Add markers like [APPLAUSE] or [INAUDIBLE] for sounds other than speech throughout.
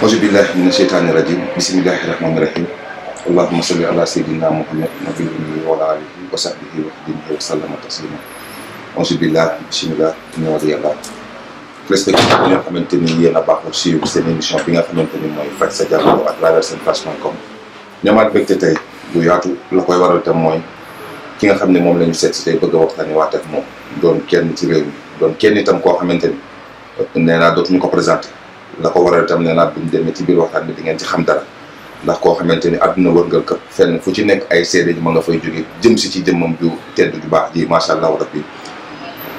أعوذ بالله من الشيطان الرجيم بسم الله الرحمن الرحيم اللهم صل على سيدنا محمد ummi wala alihi wa sahbihi وسلم xadimihi wa sallama taslima auzu billahi bismillah ñu war yàlla respecté bi nga xamante ni yéen a baaxul suivre seen émission bi nga xamante ni mooy faj sa jàngoro à travers seen page point com ñamaat mbégte tey du yaatu la koy waral tam mooy ki nga xam ne moom la ñu seet si tey bëgg a waxtaani waat ak moom doon kenn ci réew mi doon kenn itam koo xamante ni nee naa dootuñu ko présenté la ko waral tam nee naa bu ñu demee ci biir waxtaan bi ngeen ci xam dara ndax koo xamante ni àdduna wërngal këpp fenn fu ci nekk ay seede ji ma nga fay jóge jëm si ci jëmmam ju tedd ju baax ji macha allah rabbi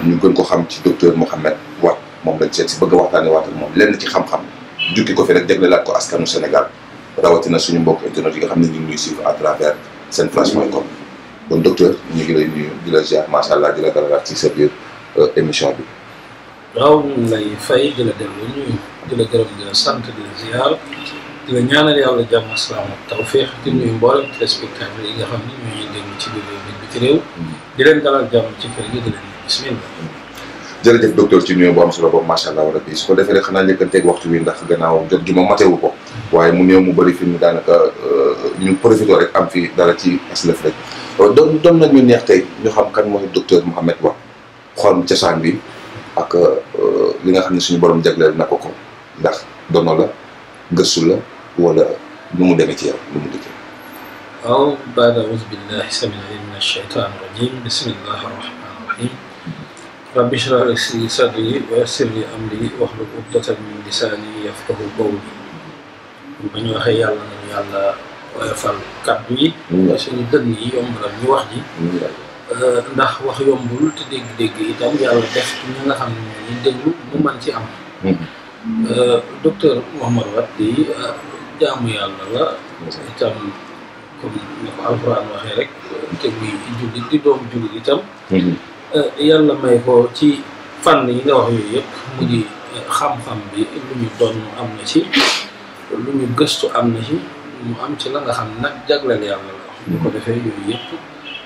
ñu gën ko xam ci docteur Mouhamed Watt moom lañ seet si bëgg a waxtaanee waat ak moom lenn ci xam-xam jukki ko fi rek jagleelaat ko askanu Sénégal rawatina suñu mbokk internet yi xam ne ñu ngi ñuy suivre à travers senflash.com kon docteur ñu ngi lay nuyu di macha allah di la dalalaat ci sa euh, émission bi. raw ñu ngi lay fay di dem dellu ñuy di la gërëm di la sant di la ziar di la ñaanal yàlla jàmm asalaam ak tawfiq di nuyu mboolem téléspectateur ci biir réew bi ci dalal jàmm ci kër gi di leen bismillah jërëjëf docteur ci nuyu bu am solo boobu macha allah rabbi su ko defee rek xanaa njëkkanteeg waxtu wi ndax gannaaw jot gi ma matewu ko waaye mu néew mu bëri fi mu daanaka euh, ñu profité rek am fi dara ci aslëf rek euh, doon doon nañu neex tey ñu xam kan mooy docteur Mouhamed Wa xool cosaan bi ak euh, li nga xam ne suñu borom jagleel na ko ko ndax dono la gëstu la wala nu mu demee ci yow nu mu dikkee waaw baad aoudu billahi samilalim min alcheytan irajim bismillahi arrahman irrahim rabbi shrah li sadri wa yassir li amri wahlul uqdatan min lisaani yafqahu qawli ba ñu waxee yàlla nañu yàlla fal kàddu yi mm. suñu dënn yi yombalal ñu wax ji mm. Euh, ndax wax yombul te dégg-dégg itam yàlla def ci ñi nga xam ne ñu déglu mu man ci am mm-hmm. euh, docteur Mouhamad Wade di euh, jaamu yàlla la mm-hmm. itam comme ni ko alxuraan waxee rek te muy jullit di doom jullit itam mm-hmm. yàlla may ko ci fànn yi nga wax yooyu yëpp mu di xam-xam bi lu ñu doon am na ci lu ñu gëstu am na ci mu am ci la nga xam nag jagleel yàlla la ñu ko defee yooyu yëpp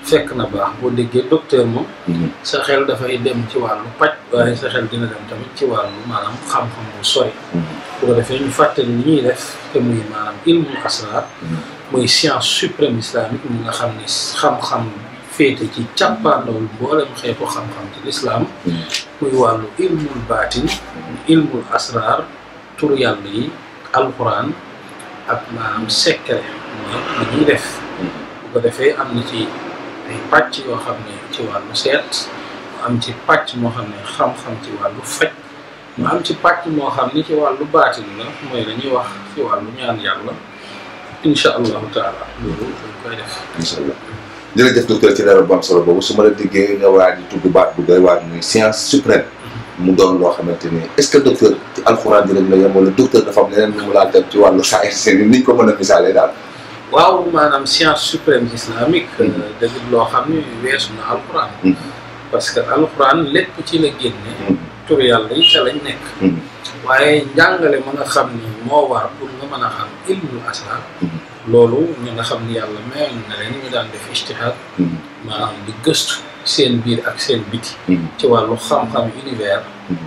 fekk na baax boo déggee docteur moom. Mhm. sa xel dafay dem ci wàllu paj waaye sa xel dina dem tamit ci wàllu maanaam xam-xam bu sori. Mhm. bu ko defee ñu fàttali li ñuy def te muy maanaam ilmul asraar. mooy mhm. science suprême islamique mu nga xam ne xam-xam féete ci càppaandawul mboolem xeetu xam-xam ci lislaam muy wàllu ilmul baatin. ilmul asraar yi alquran ak maanaam def. bu defee am na ci. ay pàcc yoo xam ne ci wàllu seet mu am ci pàcc moo xam ne xam ci wàllu faj mu ci pàcc moo xam ne ci wàllu baatin la mooy la ñuy wax ci wàllu ñaan yàlla incha allahu taala loolu dañ koy def incha allah jërëjëf solo boobu su ma la déggee nga waa ji tudd baat bu doy waar muy science suprême mu doon loo xamante ni est-ce que docteur ci alxuraan dinañ la yem wala docteur dafa am leneen lu mu laa dem ci wàllu saa seen ni ko mën a misaalee daal waaw maanaam science suprême islamique. Euh, dëgg loo xam ne weesu na al alquran. Mm. parce que alquran lépp ci la génne. Mm. tur yàlla yi ca lañ nekk. Mm. waaye njàngale ma nga xam ni moo war pour nga mën a xam ilmul asrar loolu ñu nga xam ni yàlla mayoon na leen ñu daan def ijtihaad. maanaam di gëstu seen biir ak seen biti. ci wàllu xam-xam univers.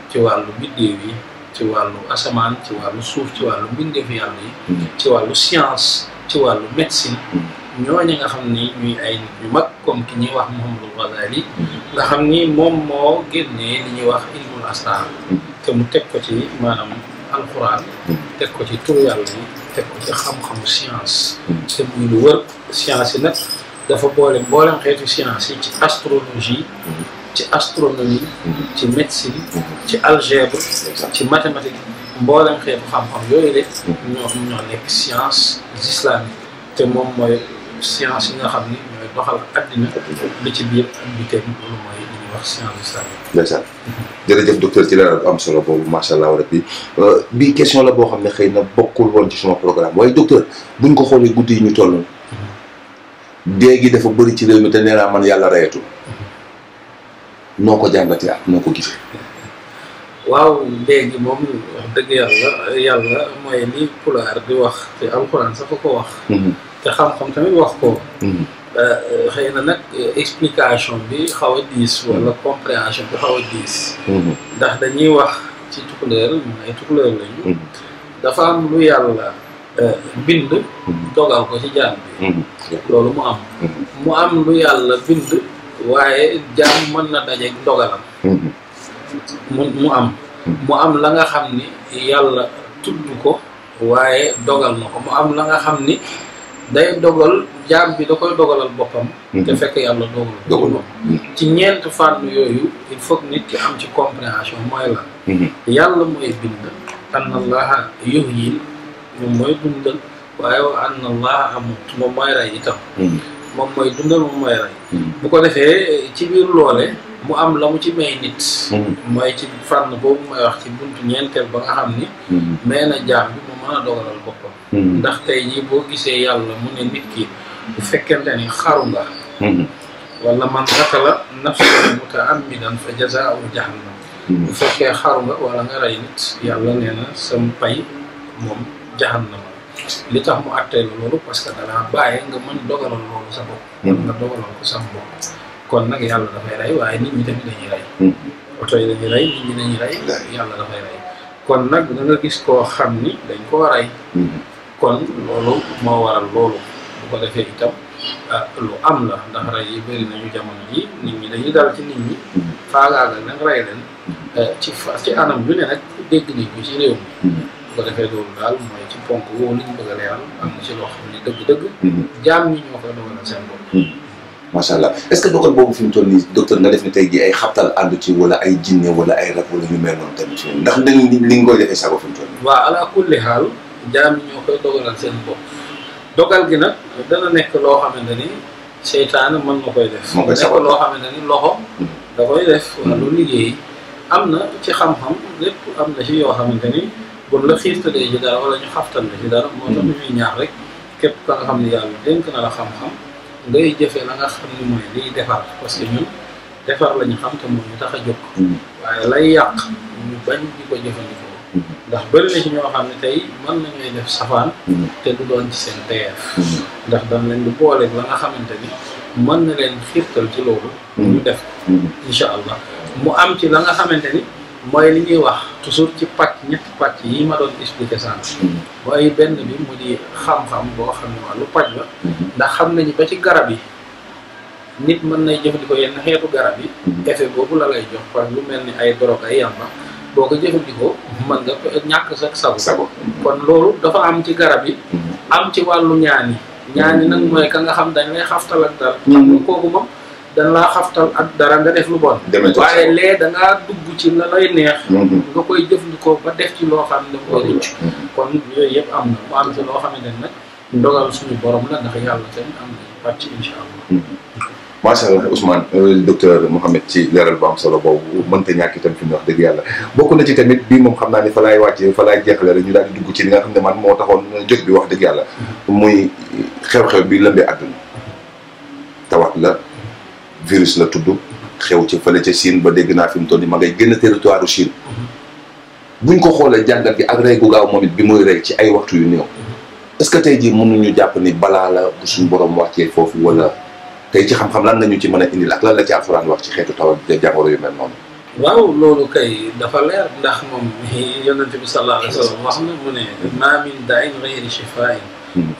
ci wàllu biddéew yi. ci wàllu asamaan ci wàllu suuf ci wàllu mbindeef yàlla yi. ci wàllu science. ci wàllu médecine mm-hmm. ñooñu nga xam ni ñuy ay nit ñu mag comme ki ñuy wax Muhammadul Ghazali mm-hmm. nga xam ni moom moo génnee li ñuy wax ilmul asrar mm-hmm. te mu teg ko ci maanaam alxuraan teg ko ci turu yàlla yi teg ko ci xam-xamu science te muy lu wër science yi nag dafa boole mboolem xeetu science yi ci astrologie ci astronomie ci médecine ci algèbre ci mathématique mboolem xeetu xam-xam yooyu de ñoo nekk science islamique te moom mooy science yi nga xam ni ñooy doxal addina li ci biir ak bi tey loolu mooy li ñuy wax science ci leeral am solo boobu macha allah rabbi euh, bii question la boo xam ne xëy na bokkul woon ci suma programme waaye docteur buñ ko xoolee guddi yi ñu toll dee gi dafa bëri ci réew mi te nee naa man yàlla rayatul noo ko jàngatee ak noo ko gisee waaw léegi moom dëgg yàlla yàlla mooy li pulaar di wax te alxuraan sax ko wax mhm. te xam-xam tamit wax ko mhm. euh, xëy na nag explication bi xaw a diis mhm. wala compréhension bi xaw a diis ndax dañuy wax ci tukulóor mun ay tukulóor lañu dafa am lu yàlla euh, bind dogal ko ci jaam bi loolu mu am mu am lu yàlla bind waaye jaam mën na dajeeg dogalam mu am mu am la nga xam ni yàlla tudd ko waaye dogal na ko mu am la nga xam ni day dogal jaam bi da koy dogalal boppam mm-hmm. te fekk yàlla dogal ko mm-hmm. ci ñeent fànn yooyu il faut nit ki am ci compréhension mooy la mm-hmm. yàlla mooy bind anna allaha yuhyi moom mooy dundal waaye wa anna amut moom mooy rey itam mom moy dundal mom moy ray hmm. bu ko defee ci biir lolé mu am lamu mu ci may nit moy hmm. ci fann bo mu wax ci buntu ñentel ba nga xamni ni hmm. mu mën dogalal boppam ndax tay ñi bo gisé yalla mu ne nit ki bu fekkente ni xaru nga wala man dakala nafsu mutaammidan fa jazaau jahannam bu fekkee xaru nga wala nga ray nit yalla nee sam pay mom jahannam li tax mu àttee la loolu parce que dalaa bàyyi nga mën dogalal loolu sa bopp. mën hmm. nga kon nag yàlla dafay rey waaye nit ñi tamit dañuy rey. Hmm. oto rey yàlla dafay rey kon nag da nga gis koo xam ni dañ koo rey. Hmm. kon loolu moo waral loolu bu ko defee itam ah, lu am la ndax rey yi bëri nañu jamono ji nit ñi dañuy dal ci nit ñi. faagaagal nag rey leen eh, ci ci anam yu ne nag dégg nañ ko ci réew ko defee loolu daal mooy ci ponk woowu li ñu a leeral am na ci loo xam ne dëgg-dëgg. Mhm. jaam ñi ñoo koy dogalal seen bopp. Mhm. macha allah est-ce que dogal boobu fi mu toll nii docteur nga def ne tey jii ay xabtal ànd ci wala ay jinne wala ay rab wala ñu mel noonu tamit ndax dañ li nga koy defee sago fi mu toll nii. waaw seen bopp dogal gi nag dana nekk loo xamante ni seytaane mën na koy def. moo nekk loo xamante ni loxo. Mhm. da koy def. wala lu liggéey am na ci xam-xam lépp am na ci yoo xamante ni. buñ la xiirtalee ci dara wala ñu xaftal la ci dara. moo tax ñuy ñaax rek képp ka nga xam ne yàlla dénk na la xam-xam ngay jëfee la nga xam ne mooy liy defar parce que ñun defar la xam te moom ñu tax a jóg. Mm-hmm. waaye lay yàq ñu bañ di ko jëfandikoo. Mm-hmm. ndax bëri na ci ñoo xam ne tey mën nañuy def safaan. Mm-hmm. te du doon ci seen teyeef. ndax dañ leen di booleeg la nga xamante ni mën na leen xiirtal ci loolu. mu def incha allah mu am ci la nga xamante ni. mooy li ñuy wax toujours ci pàcc ñetti pàcc yi ma doon expliqué sànq. Mm-hmm. mooy benn bi mu di xam-xam boo xam ne wàllu paj la. Mm-hmm. ndax xam nañu ba ci garab yi nit mën nay jëfandikoo yenn xeetu garab yi. Mm-hmm. effet boobu la lay jox par lu mel ni ay drogue ay yàmba boo ko jëfandikoo mën nga ñàkk sa sago. sago kon loolu dafa am ci garab yi. am ci wàllu ñaan yi. ñaan yi nag mooy ka nga xam dañ lay xaftal ak dal. xam nga kooku moom. dañ laa xaftal ak dara nga def lu bon waaye lee dangaa dugg ci la lay neex mm-hmm. nga koy jëfandikoo ba def ci loo xam ne mooy rëcc kon yooyu yëpp am na mu am ne mm-hmm. euh, ci leeral bu am solo boobu mënta ñàkk fi mu wax dëgg yàlla bokk na ci tamit bii moom xam naa ni fa laay wàcce fa laay jeexale rek ñu daal nga xam ne man moo taxoon jóg bi wax dëgg yàlla mm-hmm. muy xew-xew bi lëmbee àdduna tawat la virus la tuddu xew ci fële ci sin ba dégg na fim mu ma ngay génn territoire Chine buñ ko xolé jangal bi ak ray gu gaaw momit bi moy ray ci ay waxtu yu néew est-ce que tay ji mënu ñu jàpp ni bala la bu suñu borom wàccee fofu wala tay ci xam-xam lan nañu ci mëna indi indil ak lan la ci alcorane wax ci xeetu tawat te jàngoro yu mel non waaw lolu kay dafa leer ndax mom yonente bi sallallahu alayhi wasallam sallam wax na mu ne ma min dain gayri shifain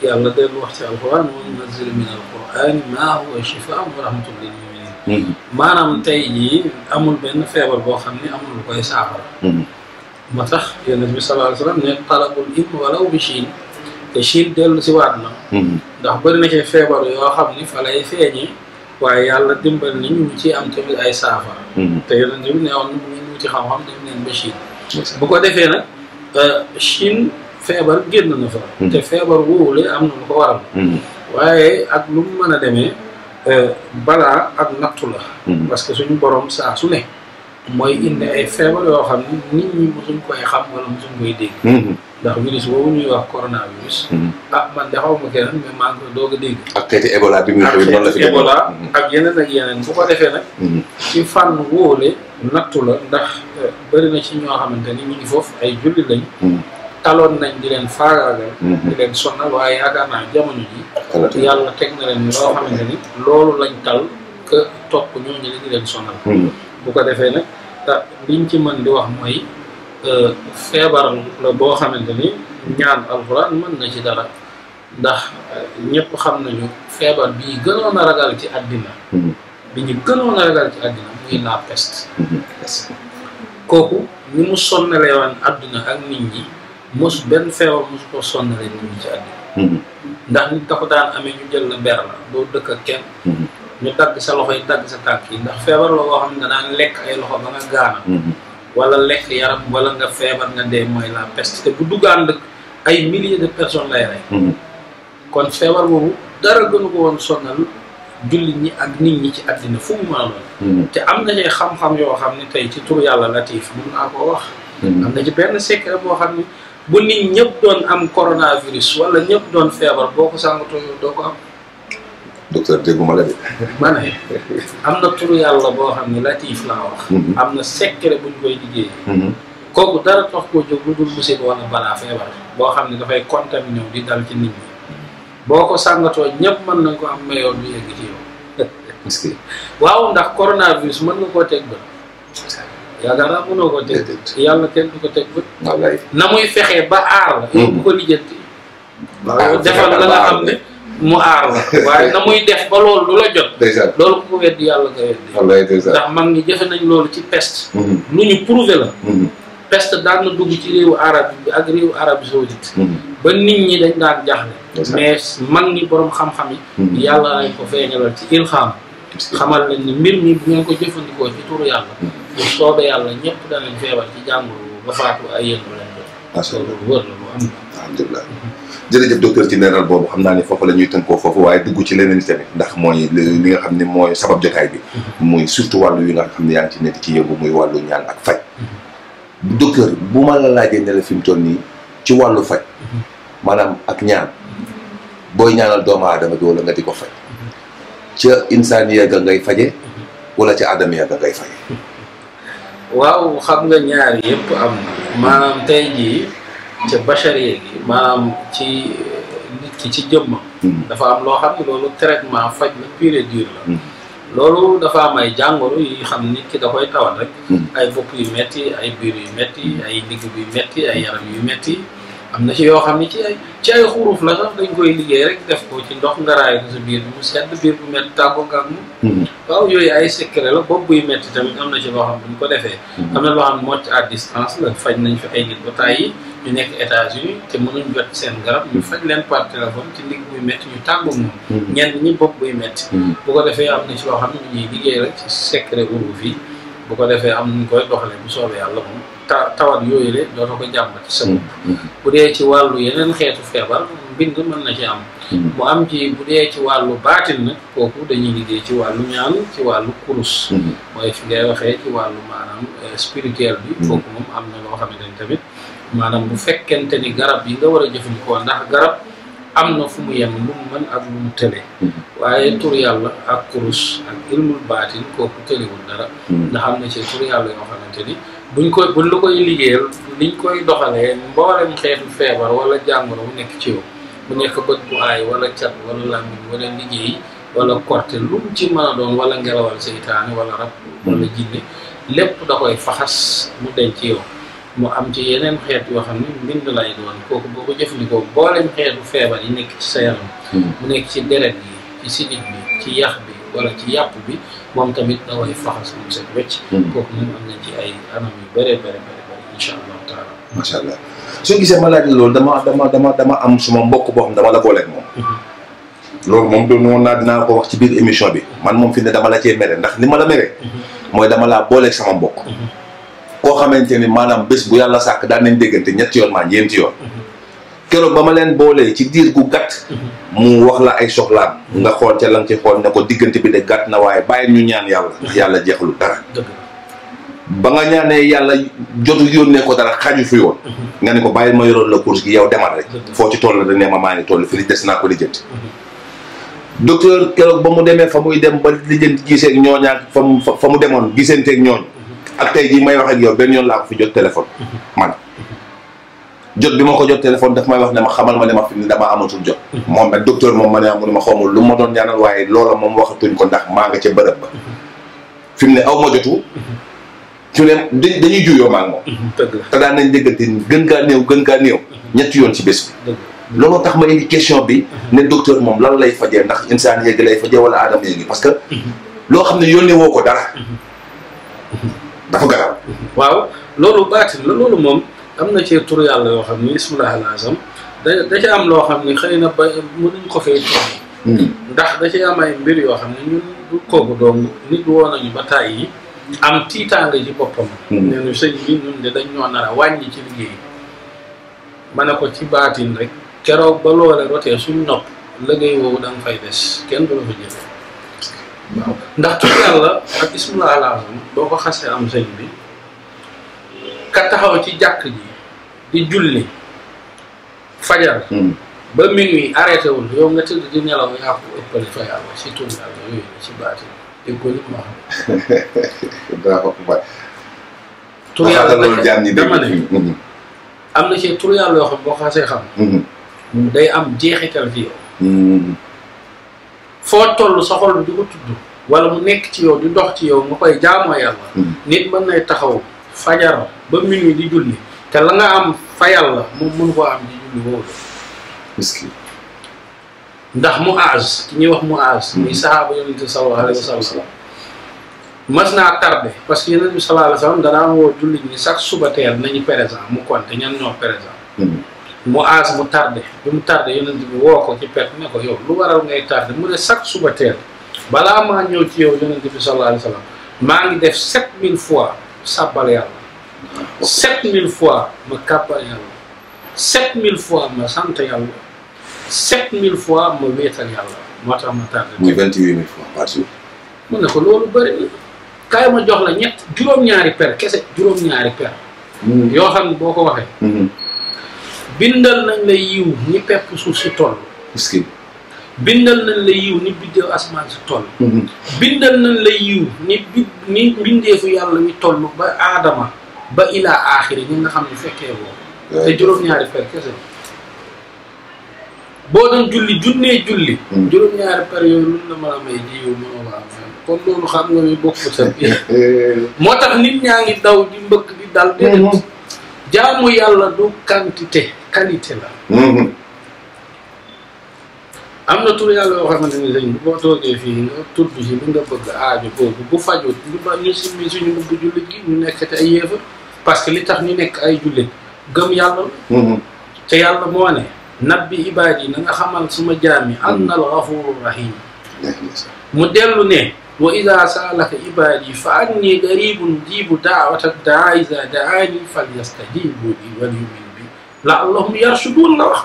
yàlla dellu wax ci alxuraan wa nazzil min alquran ma huwa shifaan wa rahmatun lil maanaam tey jii amul benn feebar boo xam ne amul lu koy saafara. ma tax yonent bi sallallahu alayhi wa sallam ne talabul ilm walaw bi Chine te Chine dellu si waat na. ndax bëri na ci feebar yoo xam ni fa lay feeñee waaye yàlla dimbal ni ñu ci am tamit ay saafara. te yonent bi ne woon bu ngeen wuti xam-xam dem leen ba Chine. bu ko defee nag Chine feebar génn na fa. te feebar woowule am na lu ko waral. waaye ak lu mu mën a demee. Euh, bala ak nattu la mm-hmm. parce que suñu borom saa su ne mooy indi ay feebar yoo xam ni nit ñi mosuñ koy xam wala mosuñ koy dégg mm-hmm. ndax virus boobu ñuy wax coronavirus mm-hmm. a ah, man de xaw ma keneen mais maa doog a dégg ak xeeti Ebola bi muy xew noonu la fi Ebola ak yeneen ak yeneen bu ko defee nag ci fànn wóole nattu la ndax euh, bëri na ci ñoo xamante ni foofu ay julli lañ taloon nañ di leen faagaagal mhm. di leen sonal waaye yaakaar naa jamono ji yàlla teg na leen loo xamante ni loolu lañ tal que topp ñooñu li di leen sonal mhm. bu ko defee nag liñ ci mën di wax mooy e, feebar la boo xamante ni ñaan alxuraan mën na ci dara ndax e, ñëpp xam nañu feebar bi ñu gënoon a ragal ci àddina mhm. bi ñu gënoon a ragal ci àddina muy la peste kooku ni mu sonnaleewaan àddina ak nit ñi mos benn feebar mos koo sonnalee nit ñi mhm. ndax nit dafa daan amee ñu jël la ber la dëkk ak kenn mhm. ñu dagg sa loxo yi sa tànk yi ndax feebar la xam ne daan lekk ay loxo ba mhm. wala lekk yaram wala nga feebar nga mooy la peste te ay milliers de personnes lay kon feebar boobu dara gënu ko woon sonnal jullit ñi ak nit ñi ci àddina fu mu mën a te am na ci xam-xam yoo xam ne tey ci tur yàlla latiif mun naa koo wax am na ci benn secret boo xam ne bu nit ñëpp doon am coronavirus wala ñëpp doon feebar boo ko sàngatoo yow doo ko am. docteur dégguma la de. ma ne am na turu yàlla boo xam ne latif laa wax. Mhm. am na secret buñ koy liggéeyee. Mhm. kooku dara tax koo jóg lu dul musiba balaa feebar boo xam ne dafay contaminé di dal ci nit ñi boo ko sàngatoo ñëpp mën nañ ko am mayoon du yegg ci yow. waaw ndax coronavirus mën nga koo teg ba. yaakaar naa mënoo ko teg yàlla kenn du ko teg bët na muy fexee ba aar la bu hmm. ko lijjanti defal la nga xam ne mu aar la [LAUGHS] waaye na muy def ba loolu la jot loolu ku ko weddi yàlla ko weddi ndax mag ñi jëfe nañ loolu ci peste hmm. lu ñu prouvé la hmm. peste daan na dugg ci réewu arab bi ak ba nit ñi dañ daan jaxle mais mag ñi borom xam-xam yi yàlla lañ ko feeñalal ci ilxaam xamal lañ ni mbir mi bu ngeen ko jëfandikoo ci turu yàlla bu soobee yàlla ñëpp danañ feebar ci jàngoro ba faatu ay yéen ah, bu leen def. loolu docteur ci leeral boobu xam naa ne foofu la ñuy tënkoo foofu waaye dugg ci leneen tamit ndax mooy li nga xam ne mooy sabab jotaay bi. Mm-hmm. muy surtout wàllu yi nga xam ne yaa ci nekk ci yëngu muy wàllu ñaan ak faj. Mm-hmm. docteur bu ma la laajee ne la fi mu toll nii ci wàllu faj. Mm-hmm. maanaam ak ñaan booy ñaanal doomu aadama bi wala nga di ko faj. ca insaan yàgg ngay faje wala ca aadama yàgg ngay waaw xam nga ñaar yëpp am maanaam tey jii ca bacharier gi maanaam ci eh, nit ki ci jëmm mm-hmm. dafa am loo xam ne loolu traitement faj la pure et la mm-hmm. loolu dafa am ay jàngoro yi xam nit ki da koy rek mm-hmm. ay bopp yu metti ay biir yu metti ay ndigg yu metti ay yaram yu metti am na ci yoo xam ne ci ay ci la sax dañ koy liggéey rek def ko ci ndox nga raay biir bi mu sedd biir bu métti tàggoo nga ak moom hmm. waaw yooyu ay secret la bopp buy métti tamit am na ci loo xam ne bu ñu ko defee hmm. am na loo xam ne moo ci faj nañ fi ay nit ba ñu nekk États-Unis te mënuñ jot seen garab ñu hmm. faj leen par téléphone ci ndig buy métti ñu tàggoo moom ñenn ñi bopp buy métti ko defee am na ci loo xam ne ñu ñuy liggéey rek ci secret xuruuf yi bu ko defee am nu ñu koy doxalee bu soobee yàlla moom ta tawat yooyu le dootoo ko jàmbat ci sa bopp mm-hmm. bu dee ci wàllu yeneen xeetu feebar mbind mën na ci am mm-hmm. mu am ci bu dee ci wàllu baatin nag kooku dañuy liggéey ci wàllu ñaan ci wàllu kurus mm-hmm. mooy fi ngay waxee ci wàllu maanaam euh, spirituel bi kooku moom am na loo xamante ni tamit maanaam bu fekkente ni garab yi nga war a jëfandikoo ndax garab am na fu mu yem lu mu mën ak lu mu tële waaye tur yàlla ak kurus ak ilmul baatin kooku tëliwul dara hmm. ndax am na ci tur yàlla yoo xamante ni buñ koy buñ la koy liggéeyal liñ koy doxalee mboolem xeetu feebar wala jàngoro bu nekk ci yow bu nekk bët bu aay wala cat wala làmmiñ wala liggéey wala korte lu ci mën a doon wala ngelawal seytaane wala rab wala hmm. jinne lépp da koy faxas mu denc ci yow am ci yeneen xeet yoo xam ne mbind lay doon kooku boo ko jëfandikoo mboolem xeetu feebar yi nekk ci sa yaram hmm. mu ci deret yi ci sidit bi ci yax bi wala ci yàpp bi moom tamit da way faxas moom set wecc hmm. kooku moom am nañ ci ay anam yu bëree bëri bëri bëri incha allahu taala allah soo gisee ma laaj loolu dama dama dama dama am suma mbokk boo xam dama la booleeg moom hmm. loolu moom doon woon naa dinaa ko wax ci biir émission bi man moom fi ne dama la cee mere ndax li ma la mere hmm. mooy dama laa booleeg sama mbokk koo xamante ni maanaam bés bu yàlla sàkk daal nañ déggante ñetti yoon maa ñeenti yoon keroog ba ma leen boolee ci diir gu gàtt mu wax la ay soxlaam nga xool ca lan ci xool ne ko diggante bi de gàtt na waaye bàyyi ñu ñaan yàlla yàlla jeexalu dara ba nga ñaanee yàlla jotu yónnee ko dara xaju fi woon mhm. nga ne ko bàyyi ma yoroon la course gi yow demal rek foo ci tool la da ne ma maa ngi toll fi li des naa ko lijjanti mhm. docteur keroog ba mu demee fa muy dem ba lijjanti giseeg ñooñ ak fa mu fa mu demoon gisanteeg ñooñ mhm. ak tey jii may wax ak yow benn yoon laa ko fi jot man jot bi ma ko jot téléphone daf may wax ne ma xamal ma ne ma fi ni damaa amatul jot moom nag moom ma ne mu ne ma xawma lu ma doon ñaanal waaye loola moom a waxatuñ ko ndax maa nga ca bërëb ba fi mu ne aw ma jotu fi mu ne dañuy juyoo maag moom te daan nañ déggante gën kaa néew gën kaa néew ñetti yoon ci bés bi looloo tax ma indi question bi ne docteur moom lan lay fajee ndax insaan yéegi lay fajee wala aadama yéegi parce que loo xam ne yónnee woo ko dara dafa garaaw loolu baatin la am na ci tur yàlla yoo xam ni ismullah alazam da da ci am loo xam ni xëy na ba mënuñ ko fee tudd hmm. ndax da ci am ay mbir yoo xam ne ñun du kooku doom nit woo nañu ba taay yi am tiitaanga ci boppam hmm. nee nu sëñ bi ñun de dañ ñoo nar a wàññi ci liggéey ma ne ko ci baatin rek keroog ba loole rotee suñ nopp liggéey woowu da nga fay des kenn du la fa jëlee ndax tur yàlla ak ismullah alazam boo ko xasee am sëñ bi ka taxaw ci jàkk ji di julli fajar hmm. ba minuit arrêté wul yow nga tëdd di nelaw yaa ko ëppale fa yàlla si [LAUGHS] tur yooyu si baati am na ci tur yàlla yoo xam hmm. am jeexital ci yow hmm. foo toll sa ko tudd wala mu nekk ci yow di dox ci yow nga koy nit mën nay taxaw fajar ba minuit di julli te la nga am fayal la moom mënu koo am ci julli woowu ndax mu aaj ki ñuy wax mu aaj muy saxaaba yonente sallallahu alayhi mas naa tardé parce que yonente bi sallallahu alayhi wa sallam danaa woo jullit sax suba teel nañu présent mu compté ñan ñoo présent hmm. mu aas mu tardé bi mu tardé yonent bi woo ko ci pet ne ko yow lu waral ngay tardé mu ne chaque suba teel balaa maa ñëw ci yow yonent bi sallallahu alayhi wa sallam maa ngi def sept mille fois sàbbal yàlla 7000 fois ma kàbbaal yalla 7000 fois ma sante yalla 7000 fois ma wetal yalla moo tax ma tardé. muy 28000 fois par jour. mu ko lolu bari kay ma jox la ñet juroom ñaari per kesse juroom ñaari per. Hmm. yo xam boko waxe hmm. bindal nañ la yiw ni pep su si toll. est bindal nañ la yiw ni bidde asman si toll hmm. bindal nañ la yiw ni bi ni mbindeefu yàlla mi toll ba aadama ba ila akhir ñi nga xam ne fekkee woo te juróom-ñaari per kese boo doon julli junne julli hmm. juróom-ñaari per yo lu la mala may di yow mënoo wa am kon loolu xam nga ni bokku sa bi [LAUGHS] eh, eh, eh. motax nit ñaa daw di mbëkk di dal di hmm. jaamu yalla du quantité qualité la hmm. amna tour yalla yàlla yoo xamante ni sëñ boo toogee fii nga tudd ci li nga bëgg aaju boobu bu faju ñu ba ñu simmi suñu mbubb jullit gi ñu nekk ci ay yéefar parce que li tax ñu nekk ay jullit gëm yàlla la te yàlla moo ne nabbi ibaad yi na nga xamal suma jaam yi anna al ghafuru rahim mu dellu ne wa ida saalaka ibaad yi fa anni garibun jibu daawata daa isa daani fal yastajibu li wal yumin bi la allahum yarshuduun la wax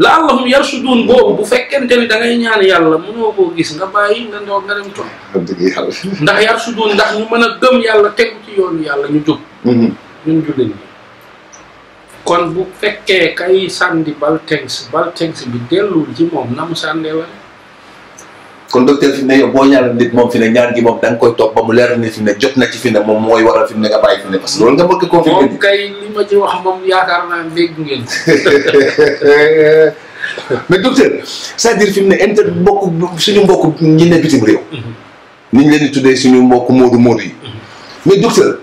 la allahum yarsudun boo bu fekkente ni da ngay ñaan yàlla mënoo koo gis nga bàyyi nga ndoog nga dem toog ndax yarsudun ndax ñu mën a gëm yàlla tegu ci yoonu yàlla ñu jub mm-hmm. ñun jullit ñi kon bu fekkee kay sànni bal tengs bal tengs bi dellul ci moom na mu sànnee wala kon docteur fi mu ne yow boo ñaar nit moom fi ne ñaan gi moom da koy toog ba mu leer ne fi ne jot na ci fi ne moom mooy waral fi mu ne nga bàyyi fi mu ne wax moom yaakaar naa dégg ngeen [LAUGHS] mais docteur c'est-à-dire fi mu ne inter mbokk suñu mbokk ñi ne bitim réew mhm. niñ leen di tuddee suñu mbokk moodu moodu yi mhm. mais docteur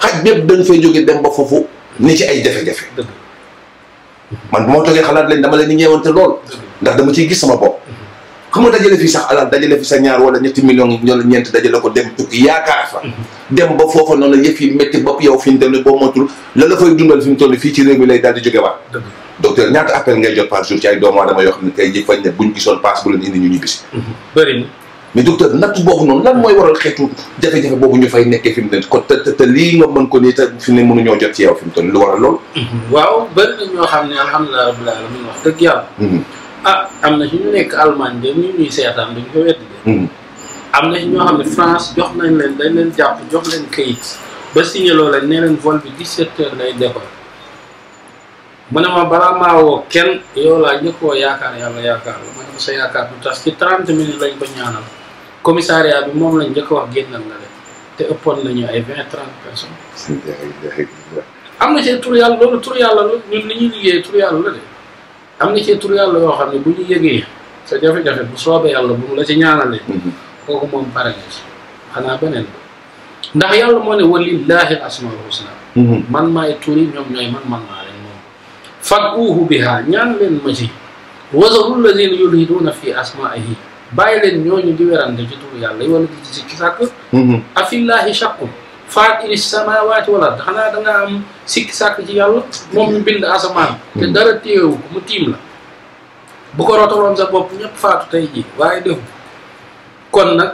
xaj bépp dañ fay jóge dem ba foofu ni ci ay jafe-jafe man bu ma toogee xalaat leen dama leen di ñeewante lool ndax dama ciy gis sama bopp xam nga dajale fi sax alal dajale fi sa ñaar wala ñetti million ñoom ñeent dajale ko dem tukki yaakaar fa. Mhm. dem ba foofa noonu yëf yi métti bopp yow fi mu toll la la fay dundal fi mu fii ci réew mi lay daal jóge waat. docteur ñaata appel ngay jot paas bu leen indi ñu ñibbisi. Mhm. bëri na. mais docteur natt boobu noonu lan mooy waral xeetu jafe-jafe boobu ñu fay nekkee fi mu kon te te lii nga mën ko nii te fi mu ne mënuñoo jot ci yow fi mu lu waral lool. Mhm. waaw bëri na ñoo xam ne alhamdulilah rabbil alamin ah am na ñu nekk Allemagne de ñu ñuy seetaan dañ ko wedd de. Hmm. amna ci si ñoo xam ne France jox nañ leen dañ leen jàpp jox leen kayit ba signé signaloo leen nee leen vol bi 17 heures lay defar mu ne ma bala maa woo kenn yow laa njëkkoo yaakaar yàlla yaakaar la ma ne ko sa yaakaar du tas ci 30 minutes lañ ko ñaanal commissariat bi moom lañ njëkk wax génnal na leen te ëppoon nañu ay 20 30 personnes. [LAUGHS] am na ci tur yàlla loolu tur yàlla la ñun li ñuy liggéey tur yàlla la de. am na ci tur yàlla yoo xam ne bu ñu yëgee sa jafe-jafe bu soobee yàlla bu mu la ci ñaanalee. Mhm. kooku moom pare na ci xanaa beneen ndax yàlla moo ne walillahi asmaul husna mhm. man maay turi ñoom ñooy man man maa leen moom fad'uuhu biha ñaan leen ma ci wazaru lazina yulhiduuna fi asmaihi bàyyi leen ñooñu di werante ci tur yàlla yi wala di ci sikki sàkk mhm. afillahi shaqqun faatiri samawaati wal ard xanaa da am sikki sàkk ci yàlla moom mi bind asamaan te dara téewu mu tiim la bu ko rotaloon sa bopp ñëpp faatu tey ji waaye def kon nag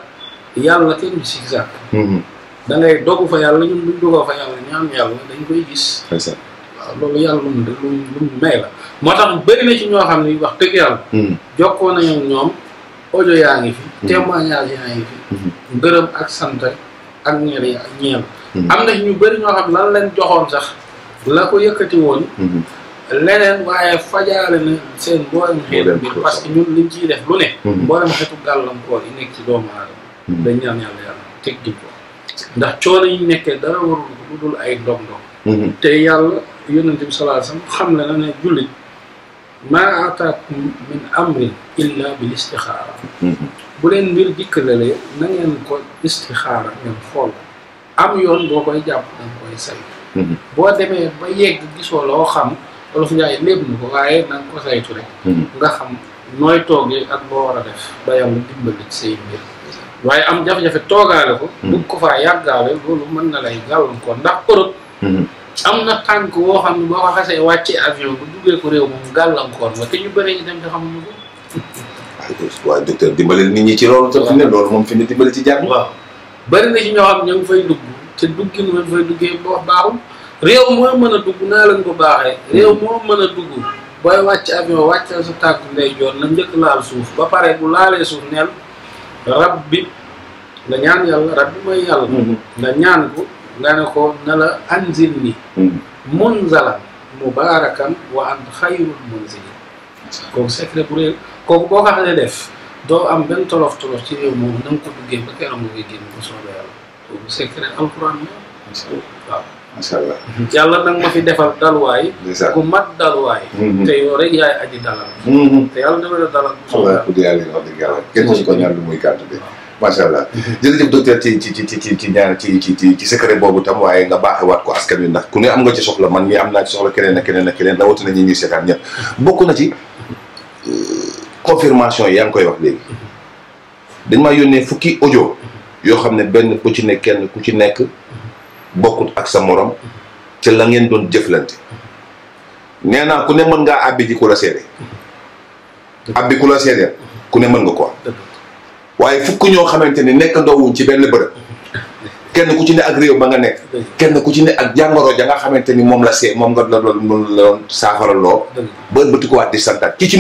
yàlla kenn du sikki sàkk mm-hmm. da ngay fa yàlla ñun duñ dogoo fa yàlla ñi am yàlla dañ koy gis waaw loolu yàlla lu mu lu may la moo tax bëri ci ñoo xam ne wax dëgg yàlla mm-hmm. jokkoo nañu ñoom audio yaa ngi fi mm-hmm. témoignage yaa ngi fi ngërëm ak sant ak ñeneen ak ñeent. Hmm. am na ñu bëri ñoo xam lan leen joxoon sax la ko yëkkati woon. Hmm. leneen waaye fajaale na seen mboolem xeetu bi parce que ñun liñ ciy def lu ne. Hmm. mboolem xeetu gàllankoor yi nekk ci doomu aadama. dañ ñaan yàlla yàlla teg di ko ndax coono yi nekkee dara warul lu dul ay ndog-ndog. te yàlla yonent bi sallallahu alayhi wasallam xam na ne ne jullit maa ataakum min amrin illa bil bu leen mbir dikkalalee na ngeen ko istixaara ngeen xool am yoon boo koy jàpp danga koy saytu mhm. boo demee ba yegg gisoo loo xam olof njaay lépp ko waaye na ko saytu rek mhm. nga xam nooy toogee ak boo war a def ba yàlla dimbali say mbir waaye am jafe-jafe toogaale ko mhm. bugg ko fa yàggaale loolu mën na lay gàllankoor ndax Europe am na tànk woo xam ne boo ko xasee wàcce avion bu duggee ko réew moom gàllankoor ba te ñu bëri ñu dem te xamuñu ko [LAUGHS] waaw docteur dimbale nit ñi ci loolu. waaw ne loolu moom fi mu dimbale ci jàng. bari na ci ñoo xam ñu ngi fay dugg te duggin ma fay duggee boo wax baaxul réew moo mën a dugg naa leen ko baaxee. réew moo mën a dugg booy wàcc avion wàccal sa tànk ndeyjoor na njëkk laal suuf ba pare bu laalee suuf neel rab bi nga ñaan yàlla rab bi mooy yàlla. Mm-hmm. nga ñaan ko nga ne ko na la anzil ni mm-hmm. munzalan mubaarakan wa ant xayrul munzilin kooku secret bu réew. kooku ko xamee def doo am benn ci réew na nga ko duggee ba génn bu soobee yàlla kooku alquran la. waaw yàlla nag allah mm-hmm. jërëjëf docteur ci ci ci ci ci ñaar ci ci ci ci secret boobu tam waaye nga baaxewaat ko askan wi ndax ku ne am nga ci soxla man mii am naa ci soxla keneen ak keneen ak keneen rawatina ñi ñuy seetaan confirmation yi yang koy wax léegi dañ ma yone fukki audio yo xamne ben ku ci nek kenn ku ci nek bokut ak sa morom ci la ngeen doon jëflante neena ku ne man nga abbi ji ku la seede àbbi ku la seede ku ne man nga ko waye fukk ñoo xamanteni ni ndaw ndowuñ ci benn bëre kenn ku ci ne ak réew ba nga nek kenn ku ci ne ak jangoro ja nga xamanteni mom la sé mom nga la doon di santat ci ci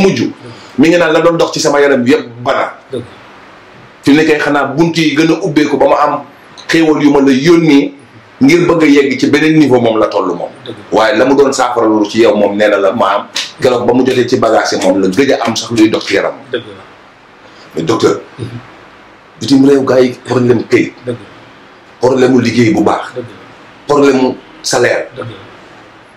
mi ngi naan la doon dox ci sama yaram bi yëpp bana fi ne xanaa bunt yi gën a ubbeeku ba ma am xéewal yu ma la yónni ngir bëgg a yegg ci beneen niveau moom la toll moom waaye la mu doon saafara loolu ci yow moom nee na la am keroog ba mu jotee ci bagage moom la gëj a am sax luy dox ci yaram mais docteur mhm. bitim réew gars yi problème këyit problème liggéey bu baax problème mu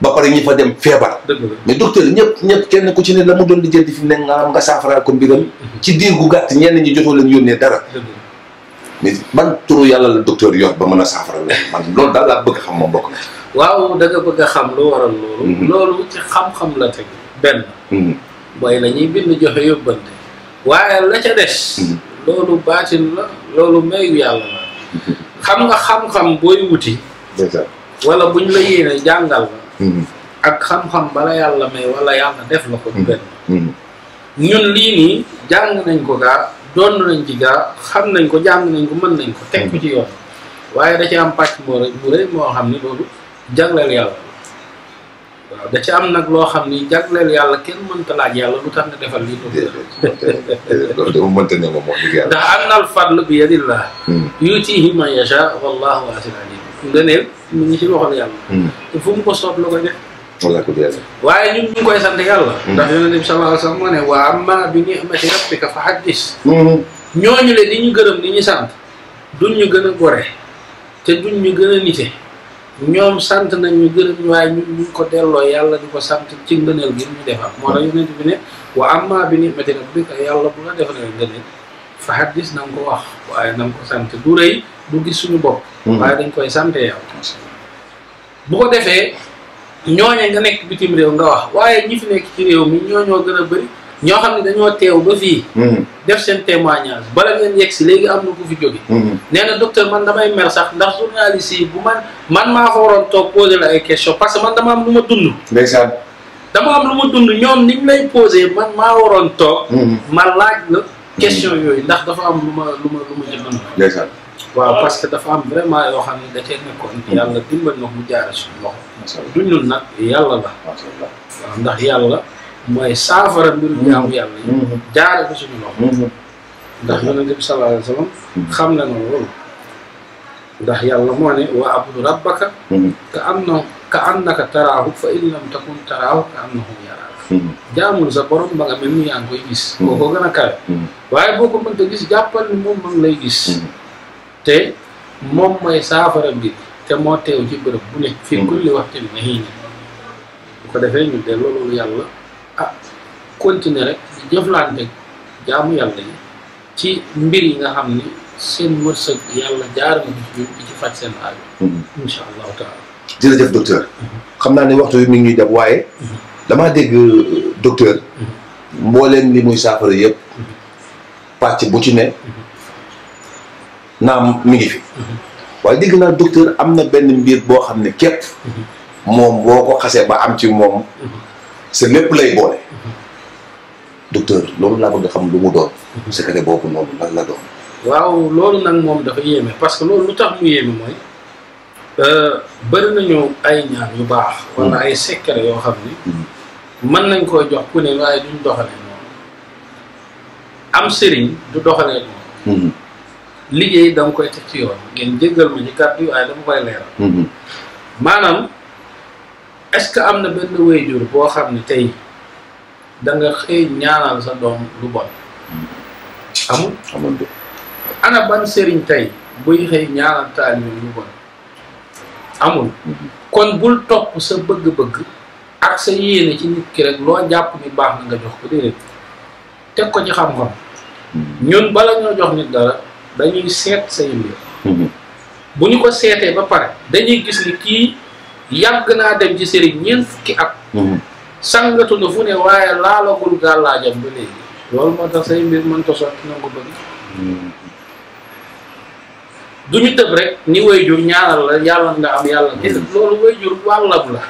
ba pare ñu fa dem feebar mais docteur ñëpp ñëpp kenn ku ci ne la mu doon di jënd fi mu ne nga am nga saafara ko mbiram mhm. ci diir gu gàtt ñenn ñi jotoo leen yónnee dara mais ban turu yàlla la docteur yor ba mën a saafara la man loolu daal laa bëgg xam moom bokk na waaw da bëgg a xam lu waral loolu mhm. loolu ci xam-xam la teg benn mhm. mooy la ñuy bind joxe yóbbante waaye la ca des loolu baatin la loolu mayu yàlla la xam nga xam-xam booy wuti wala buñ la yéene jàngal la Mm-hmm. ak xam-xam bala yàlla may wala yàlla def la ko du benn mm-hmm. Mm-hmm. ñun lii nii jàng nañ ko gaa doon nañ ci gaa xam nañ ko jàng nañ ko mën nañ ko teg ci yoon waaye da ci am pàcc moo rek bu rëy moo xam ni loolu jagleel yàlla da ci am nag loo xam ni jagleel yàlla kenn mënta laaj yàlla lu tax nga defal lii [LAUGHS] loolu de moom mënta ne moom wax yàlla ndax am na al fadl bi yadillah yutihi man yasha wallahu waasiun alim ngëneel mu ngi ci loxol yàlla. te hmm. fu mu ko soob la ko def. waaye ñun ñu ngi koy sant yàlla. Hmm. ndax yonent bi sallallahu alayhi wa moo ne bi ni'mati rabbika fa haddis. Hmm. ñooñu le di ñu gërëm di ñu sant duñ ñu gën a gore te duñ ñu gën a nite ñoom sant nañ ñu gërëm waaye ñun ñu ko delloo yàlla di ko sant ci ngëneel gi ñu defal moo tax yonent bi ne wa amma bi ni'mati rabbika yàlla bu la defalee ngëneel fa haddis na nga ko wax waaye na ko sant du rëy du gis suñu bopp. Mhm. waaye dañ koy sant yàlla. bu ko defee ñooñe nga nekk bitim réew nga wax waaye ñi fi nekk ci réew mi ñooñoo gën a bëri ñoo xam ne dañoo teew ba fii. Mhm. def seen témoignage bala leen yegg si léegi am na ku fi jóge. Mhm. nee na docteur man damay mer sax ndax journaliste yi bu man man maa fa waroon toog posé la ay question parce que man dama am lu ma dund. ndeysaan. dama am lu ma dund ñoom niñ lay posé man maa waroon toog. ma laaj la question yooyu ndax dafa am lu ma lu ma ma jëloon. ndeysaan. waaw parce que dafa am vraiment yoo xam ne da cee nekkoon yàlla dimbal na mu jaare la ndax yàlla mooy saafara mbir mm-hmm. jaamu yàlla yi mm-hmm. jaare ko suñu loxo mm-hmm. ndax yonent bi wa sallam xam na ne loolu ndax yàlla moo ne wa abudu rabbaka ka taraahu fa in lam takun taraahu ka annahu yaraaka jaamul sa borom ba nga mel gis ko gën a kawe waaye boo gis jàppal ni lay gis te moom mooy saafara bi te moo teew ci bërëb bu ne fii mm-hmm. kulli waxtin mahiin bu ko defee ñu delloo loolu yàlla ah continuer rek di jëflante jaamu yàlla yi ci mbir yi nga xam ni seen wërsëg yàlla jaar na ci ñun ci faj seen aajo mm-hmm. insha allahu taala jërëjëf docteur mm-hmm. xam naa ne waxtu bi mi ngi ñuy dab waaye damaa dégg docteur mbooleen li muy saafara yëpp pàcc bu ci ne naam mi ngi fi. waaye dégg naa docteur am na benn mbir boo xam ne képp. moom boo ko xasee ba am ci moom. sa lépp lay boole. docteur loolu laa bëgg xam lu mu doon. secret boobu noonu lan la doon. waaw loolu nag moom dafa yéeme parce que loolu lu tax mu yéeme mooy. Euh, bëri nañu ay ñaan yu baax. wala ay secret yoo xam ni. mën nañ koo jox ku ne waaye duñ doxalee noonu. am sëriñ du doxalee noonu. Mm-hmm. liggéey da nga koy teg yoon ngeen jéggal ma ci kàddu yi waaye dama koy leeral. Mhm. maanaam est-ce que am na benn wéyjur boo xam ne tey danga nga xëy ñaanal sa doom lu bon. amul amul ana ban tey buy xëy amul. Mhm. kon bul topp sa bëgg-bëgg ak sa yéene ci nit ki rek loo jàpp ni baax na nga jox ko déedéet teg ko ci xam-xam. Mhm. ñun bala ñoo jox nit dara. dañuy seet say mbir mhm. bu ñu ko seetee ba pare dañuy gis ni kii yàgg naa dem ci sëriñ ñeent fukki at mhm. sangatu na fu ne waaye laalagul gàllaajam ba léegi loolu moo tax say mbir mën ta sotti na ko bëgg mhm. duñu tëb rek ni way jur ñaanal la yàlla nga am yàlla te loolu wayjur wàllam la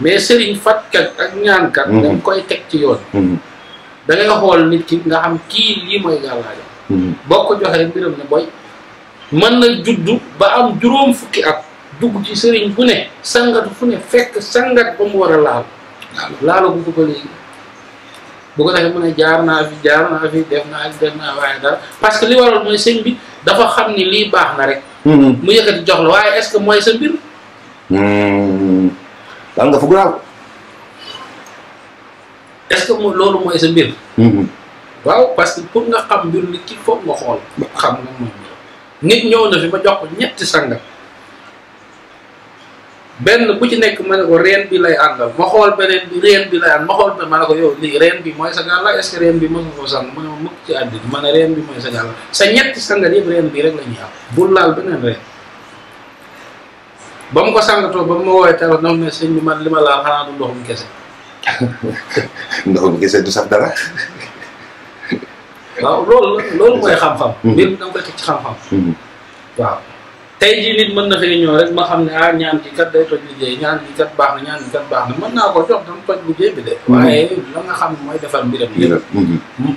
mais sëriñ fatkat ak ñaankat dañ koy teg ci yoon da ngay xool nit ki nga xam kii lii mooy gàllaajam Hmm. boko joxe mbirum ne boy man na juddu ba am juroom fukki at dugg ci serigne bu ne sangatu fu ne fekk sangat ba mu war a laal laalo bu ko ko léegi bu ko defee mu ne jaar naa fi jaar naa fi def naa ak def naa waaye dara parce que li waral mooy sëñ bi dafa xam ni lii baax na rek hmm. mu yëkkati jox la waaye est ce que mooy sa mbir hmm. nga gaaw est ce que loolu mooy sa mbir waaw parce que pour nga xam mbir nit ki foog nga xool xam nga moom nit ñëw na fi ma jox ko ñetti sangam benn bu ci nekk ma ne ko reen bi lay àndal ma xool beneen bi reen bi lay ànd ma xool beneen ma ne ko yow lii reen bi mooy sa gàlla est ce que reen bi mën ko sàng mu ne ma mukk ci àddina ma ne reen bi mooy sa gàlla sa ñetti sangal yëpp reen bi rek la ñuy am bu laal beneen reen ba mu ko sangatoo ba ma woowee tara daf mais sëñ bi man li ma laal xanaa du ndoxum kese [LAUGHS] ndoxum kese du sax dara waaw loolu loolu mooy xam-xam. mbir hmm. mi da nga ci xam-xam. Hmm. waaw tey ji nit mën na fee ñëw rek ma xam ne ah ñaan gi kat day toj liggéey ñaan gi kat baax na ñaan gi baax na mën naa ko jox dama toj liggéey bi de. Hmm. waaye la nga xam mooy defar mbiram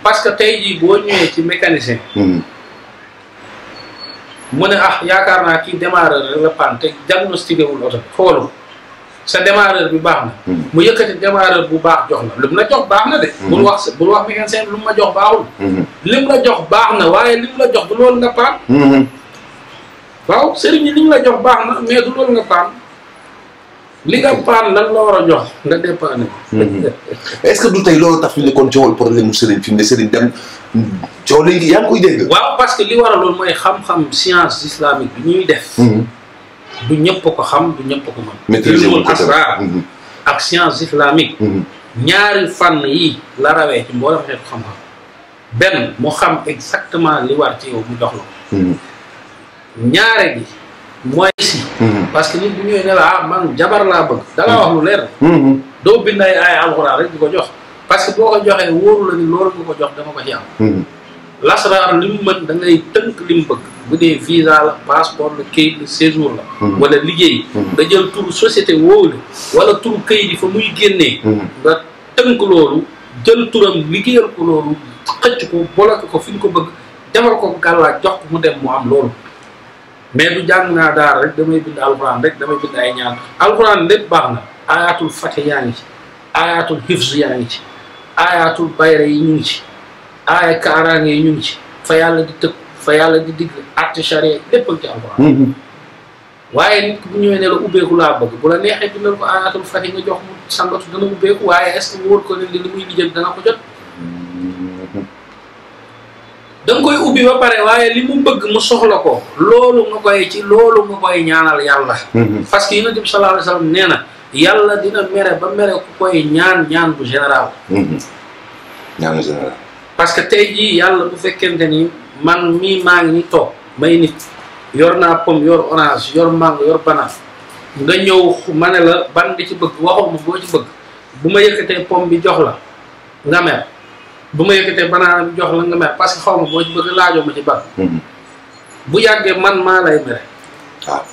parce que tey jii boo ñëwee ci mécanicien. mu ne ah yaakaar naa kii démarreur rek la panne te diagnostiqué wul oto xoolu sa démarreur bu baax na hmm. mu yëkëti démarreur bu baax jox la mu la jox baax na de hmm. bul wax bul wax mécanicien sen lu ma jox baaxul hmm. lim la jox baax na waaye lim la jox du loolu nga paan waaw sëriñ yi lim la jox baax na mais du loolu nga paan li nga paan lan la war a jox nga dépanné [LAUGHS] est ce que du tey loolu tax ñu nekkoon coowal problème sëriñ fi mu ne sëriñ dem coow yi yaa ngi koy dégg waaw parce que li war a loolu mooy xam-xam science islamique bi ñuy def du ñëpp ko xam du ñëpp ko mën. maîtriser ko asraar mhm. ak science islamique. Mhm. ñaari fànn yi la rawee ci mboolem xeetu xam-xam. benn mu xam exactement li war ci yow mu dox la mhm. ñaare gi mooy si parce que nit bu ñëwee ne ah, jabar laa bëgg danga wax lu leer doo bind ay ay alxuraan rek di ko jox parce que boo ko joxee wóoru la loolu nga ko jox dama ko ci am lasaraar li mu mën da tënk li mu bëgg bu dee visa la passeport la kayit la séjour la hmm. wala liggéey hmm. nga jël turu société woowu wala turu kayit yi fa muy génnee hmm. nga tënk loolu jël turam liggéeyal ko loolu xëcc ko bloqué ko fi ko bëgg defal ko gàllaaj jox ko mu dem mu am loolu mais du jàng naa daar rek damay bind alxuraan rek damay bind ay ñaan alxuraan lépp baax na ayatul fatiha yaa ngi ci ayatul hifz yaa ngi ci ayatul bayra yi ñu ngi ci aaya kaaraange yi ñu ngi ci fa yàlla di tëb fa yàlla di digg àtte charia lépp ci alxuraan mm-hmm. waaye nit bu ñëwee ne la ubbeeku laa bëgg bu la neexee dina ko aayatul waaye est ce que ko ne li muy lijjël dana ko jot da koy ubbi ba pare waaye li mu bëgg mu soxla ko loolu nga koy ci loolu nga koy ñaanal yàlla mm-hmm. parce que yonent bi sallallahu alayhi wa sallam nee na yàlla dina mere ba mere ku koy ñaan ñaan bu général mm-hmm. ñaanu général parce que tey jii yàlla bu fekkente ni man mi maa ngi ni toog may nit yor naa pomme yor orange yor mango yor banane nga ñëw ma ne la ban di ci bëgg waxoo ma boo ci bëgg bu ma yëkkatee pomme bi jox la nga mer bu ma yëkkatee banane bi jox la nga mer parce que xaw ma boo ci bëgg laajoo ma ci ban mhm. bu yàggee man maa lay mere waaw ah.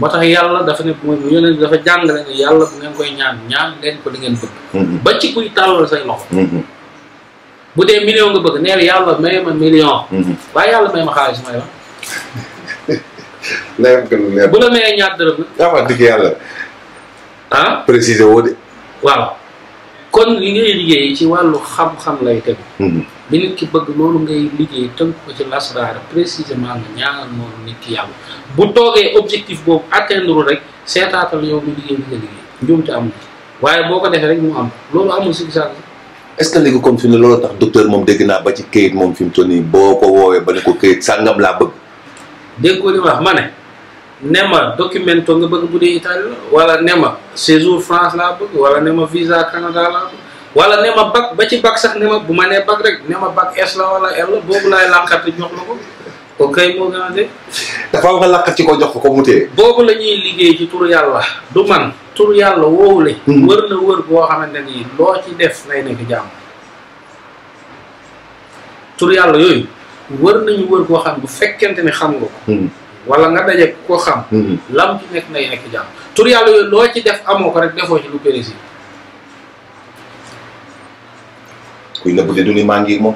motax yalla dafa ne bu yone dafa jangale ne yalla bu ngeen koy ñaan ñaan leen ko li ngeen bëgg mhm. ba ci kuy talal say loxo mhm. bu dee million nga bëgg neel yàlla may ma million. Mhm. waaye yàlla may ma xaalis may wax. [LAUGHS] bu la mayee ñaar dërëm ah, dëgg yàlla. ah préciser liggéey ci wàllu xam-xam lay tegu. Mhm. bi nit ki bëgg loolu ngay liggéey tënk ko ci lasraara précisément nga ñaanal noonu nit ki yàlla bu toogee objectif boobu atteindre rek seetaatal yow mi liggéey bi nga liggéey njuumte amul waaye boo ko defee rek mu am loolu amul si gisaat est-ce que léegi kon fi ne loolu tax docteur moom dégg naa ba ci këyit moom fi mu toll nii boo ko woowee ba ne ko këyit sàngam laa bëgg. dégg ko li wax ma ne ne ma documento nga bëgg bu dee Italie la wala ne séjour France laa bëgg wala ne visa Canada laa bëgg wala ne ba ci bac sax ne ma bu ma nee bac rek ne ma bac la wala L la boobu laay làqati jox la ko. ko kay moo gën a de. dafa am nga làkk ci ko jox ko ko mu téye. boobu la ñuy liggéey ci turu yàlla du man turu yàlla woowule. Hmm. wër wër boo xamante ni loo def nay nekk jàmm. turu yàlla yooyu wër nañu wër boo xam bu fekkente ni xam nga ko. Hmm. wala nga daje ko xam. Hmm. lam ci nekk nay nekk jàmm turu yàlla yooyu loo ci def amoo ko rek defoo ci lu pérési. kuy nëbb de du ni maa ngi moom.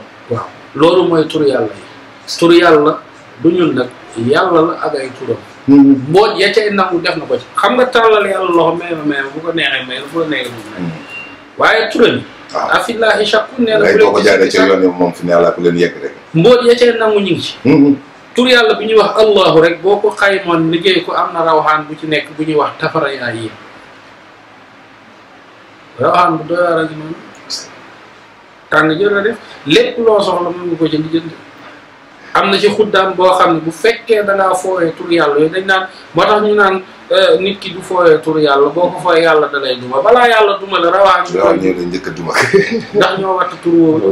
loolu mooy turu yàlla yi. turu yàlla. duñul nak yalla la ak ay turam mbooj hmm. ya ca cay nangu def nako ci xam nga talal yalla lo may ma may bu ko nexe may bu ko nexe hmm. ah. bu may turam afillahi shakku ne la ko jare ci yoni mom fi neela ko len yegg rek mbooj ya cay nangu ñu ci hmm. tur yalla bu ñu wax allah rek boko xaymon ligey ko amna rawhan bu ci nekk bu ñu wax tafara ya yi rawhan bu do ya ak noonu jeul jël la def lepp lo soxla mu ko jënd jënd am na ci xuddaam boo xam ne bu fekkee da ngaa fooyee tur yàlla dañ naan moo tax ñu naan euh, nit ki du fooyee tur yàlla boo ko fooyee yàlla da lay duma balaa yàlla duma la rawaan. waaw ñoo leen njëkk a duma. [LAUGHS] ndax ñoo watt tur woowu.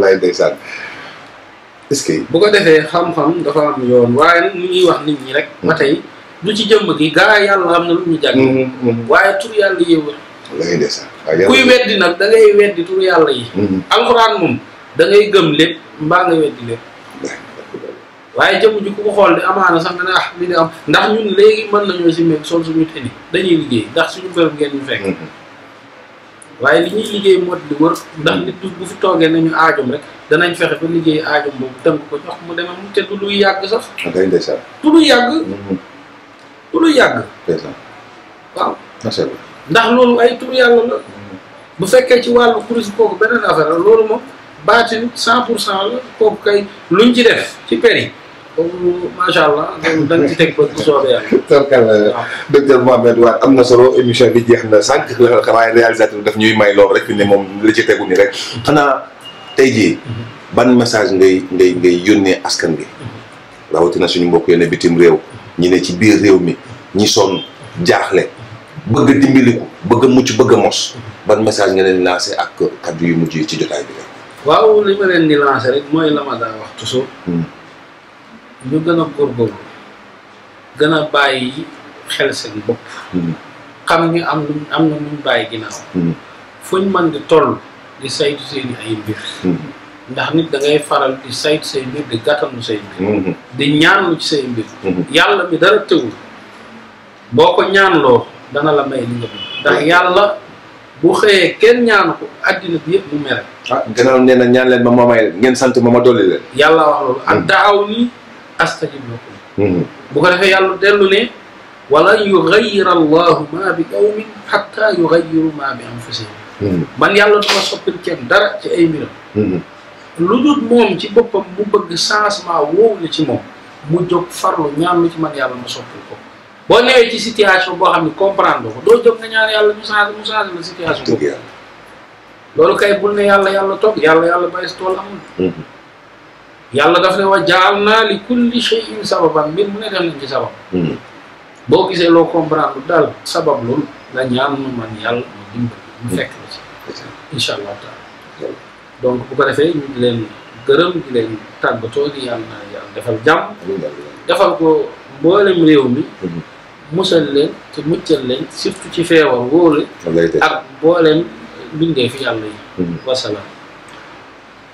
bu ko defee xam-xam dafa am yoon waaye nag ñuy wax nit ñi rek. ba tey lu ci jëmm gi gaa yàlla am na lu ñu jàng. Mm-hmm, mm-hmm. waaye tur yàlla yëngu. wallaay ndeysaan kuy weddi nag da weddi tur yàlla yi. Mm-hmm. alxuraan moom da ngay gëm lépp mbaa nga weddi lépp waaye jëmm ji ku ko xool de amaana sax nga ne ah li di am ndax ñun léegi mën nañoo si même sol suñu teni dañuy liggéey ndax suñu bërëb ngeen ñu fekk mm-hmm. waaye li ñuy liggéey mot li wër ndax mm-hmm. nit du toogee nañu aajum rek danañ fexe ba liggéey aajum boobu tënk ko jox mu demee mu te du luy yàgg sax ah, du luy yàgg mm-hmm. du luy yàgg waaw ah, ndax loolu ay tur yàlla la bu fekkee ci wàllu kuréel kooku beneen affaire la loolu moom baatin cent pour cent kooku kay luñ ci def ci per comme macha allah da nga ci teg bët bu soobee yàlla. tarkal solo émission bi jeex na sànq waaye réalisateur daf ñuy may lool rek fi ne moom la ci tegu ni rek xanaa tey jii ban message ngay ngay ngay yónnee askan bi rawatina suñu mbokk yenn bitim réew ñi ne ci biir réew mi ñi sonn jaaxle bëgg a dimbaliku bëgg a mucc bëgg a ban message nga leen lancé ak kaddu yu mujj ci jotaay bi rek. waaw li ma leen di lancé rek mooy la ma daa wax toujours. Hmm. ñu gën a góorgóorlu gën a bàyyi xel seen bopp hmm. xam ni am lu am na muñ bàyyi ginnaaw hmm. fuñ mën di toll di saytu seen ay mbir hmm. ndax nit da ngay faral di saytu say mbir di gàttanu say mbir di ñaanlu ci say mbir yàlla mi dara tëwul boo ko ñaanloo dana la may li nga bëgg ndax yàlla bu xëyee kenn ñaanu ko addina bi yëpp mu mere ah gannaaw nee na ñaan leen ma ma may ngeen sant ma ma dolli leen yàlla wax loolu ak daaw nii astajib lakum bu ko defee yàlla dellu ne wala yugayyira allahu ma bi qawmin hatta yugayyiru ma bi anfusihim hmm. man yàlla duma soppil kenn dara ci ay mbiram lu dul moom ci boppam mu bëgg changement woowu la ci moom mu jóg farlu ñaan ci man yàlla ma soppil ko boo newee ci situation boo xam comprendre ko doo jóg nga ñaan yàlla mu changé mu changé la situation boobu loolu kay bul ne yàlla yàlla toog yàlla yàlla bàyyi si amul yàlla daf ne wa jaal naa li kulli shay'in sababan mbir mu ne def nañ ci sabab hmm. boo gisee loo comprendre daal sabab loolu nga ñaan ma man yàlla ma dimbali mu hmm. fekk la ci incha allah taala donc bu ko defee ñu di leen gërëm di leen tàggatoo di yàlla defal jàmm defal ko mboolem réew mi hmm. musal leen te muccal leen surtout ci feebar wóole ak mboolem bindee fi yàlla yi wasalaam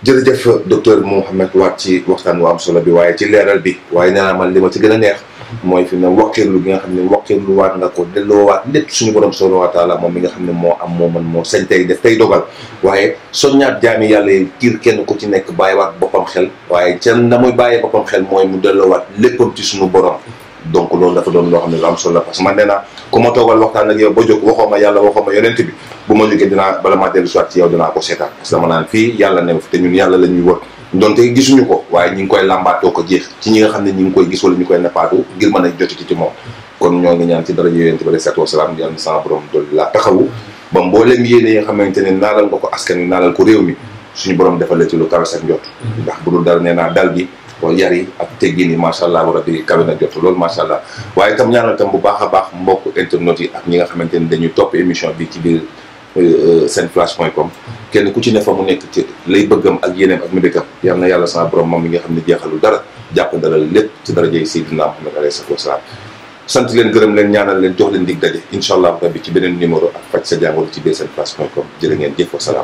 jërëjëf docteur Mouhamed waat ci waxtaan bu am solo bi waaye ci leeral bi waaye nee man li ma ci gën a neex mooy fi ne wakkeerlu gi nga xam ne wakkeerlu waat nga ko delloowaat lépp suñu borom solo wa moom mi nga xam ne moo am moo man moo sañ tey def tey dogal waaye soññaat jaami yàlla yi kiir kenn ku ci nekk bàyyi waat boppam xel waaye ca na muy bàyyee boppam xel mooy mu delloowaat léppam ci suñu borom donc loolu dafa doon loo xam ne lu am solo la parce que man nee naa ku ma toogal waxtaan ak yow ba jóg waxoo yàlla waxoo ma yonent bi bu ma jógee dinaa bala ma dellu soit ci yow dinaa ko seetaan parce que dama naan fii yàlla new ko waaye ñi ngi koy làmbaatoo ko jeex ci ñi nga xam ne ñi ngi koy gis ñu koy neppaatu ngir mën a jotiti ci moom kon ñoo ngi ñaan ci dara yonent bi nga xamante ne naalal nga ko askan wi naalal ko réew mi suñu borom defal la ci lu kawe sa njot mm-hmm. ndax bu dul dara nee naa dal gi ko yari ak teggini machallah wala bi kawe na jot lool machallah waye tam ñaanal tam bu baaxa baax mbokk internet yi ak ñi nga xamanteni dañuy top émission bi ci biir senflash.com kenn ku ci nefa mu nekk ci lay bëggam ak yeneen ak mbékam yal yalla yàlla sama borom mom mi nga xamni jéxalu dara japp dara lepp ci dara jey sayyidina muhammad alayhi salatu wasalam sant leen gërëm leen ñaanal leen jox leen dig dajé inshallah rabbi ci benen numéro ak fajj sa jàngoro ci biir jërë ngeen jëf wasalaam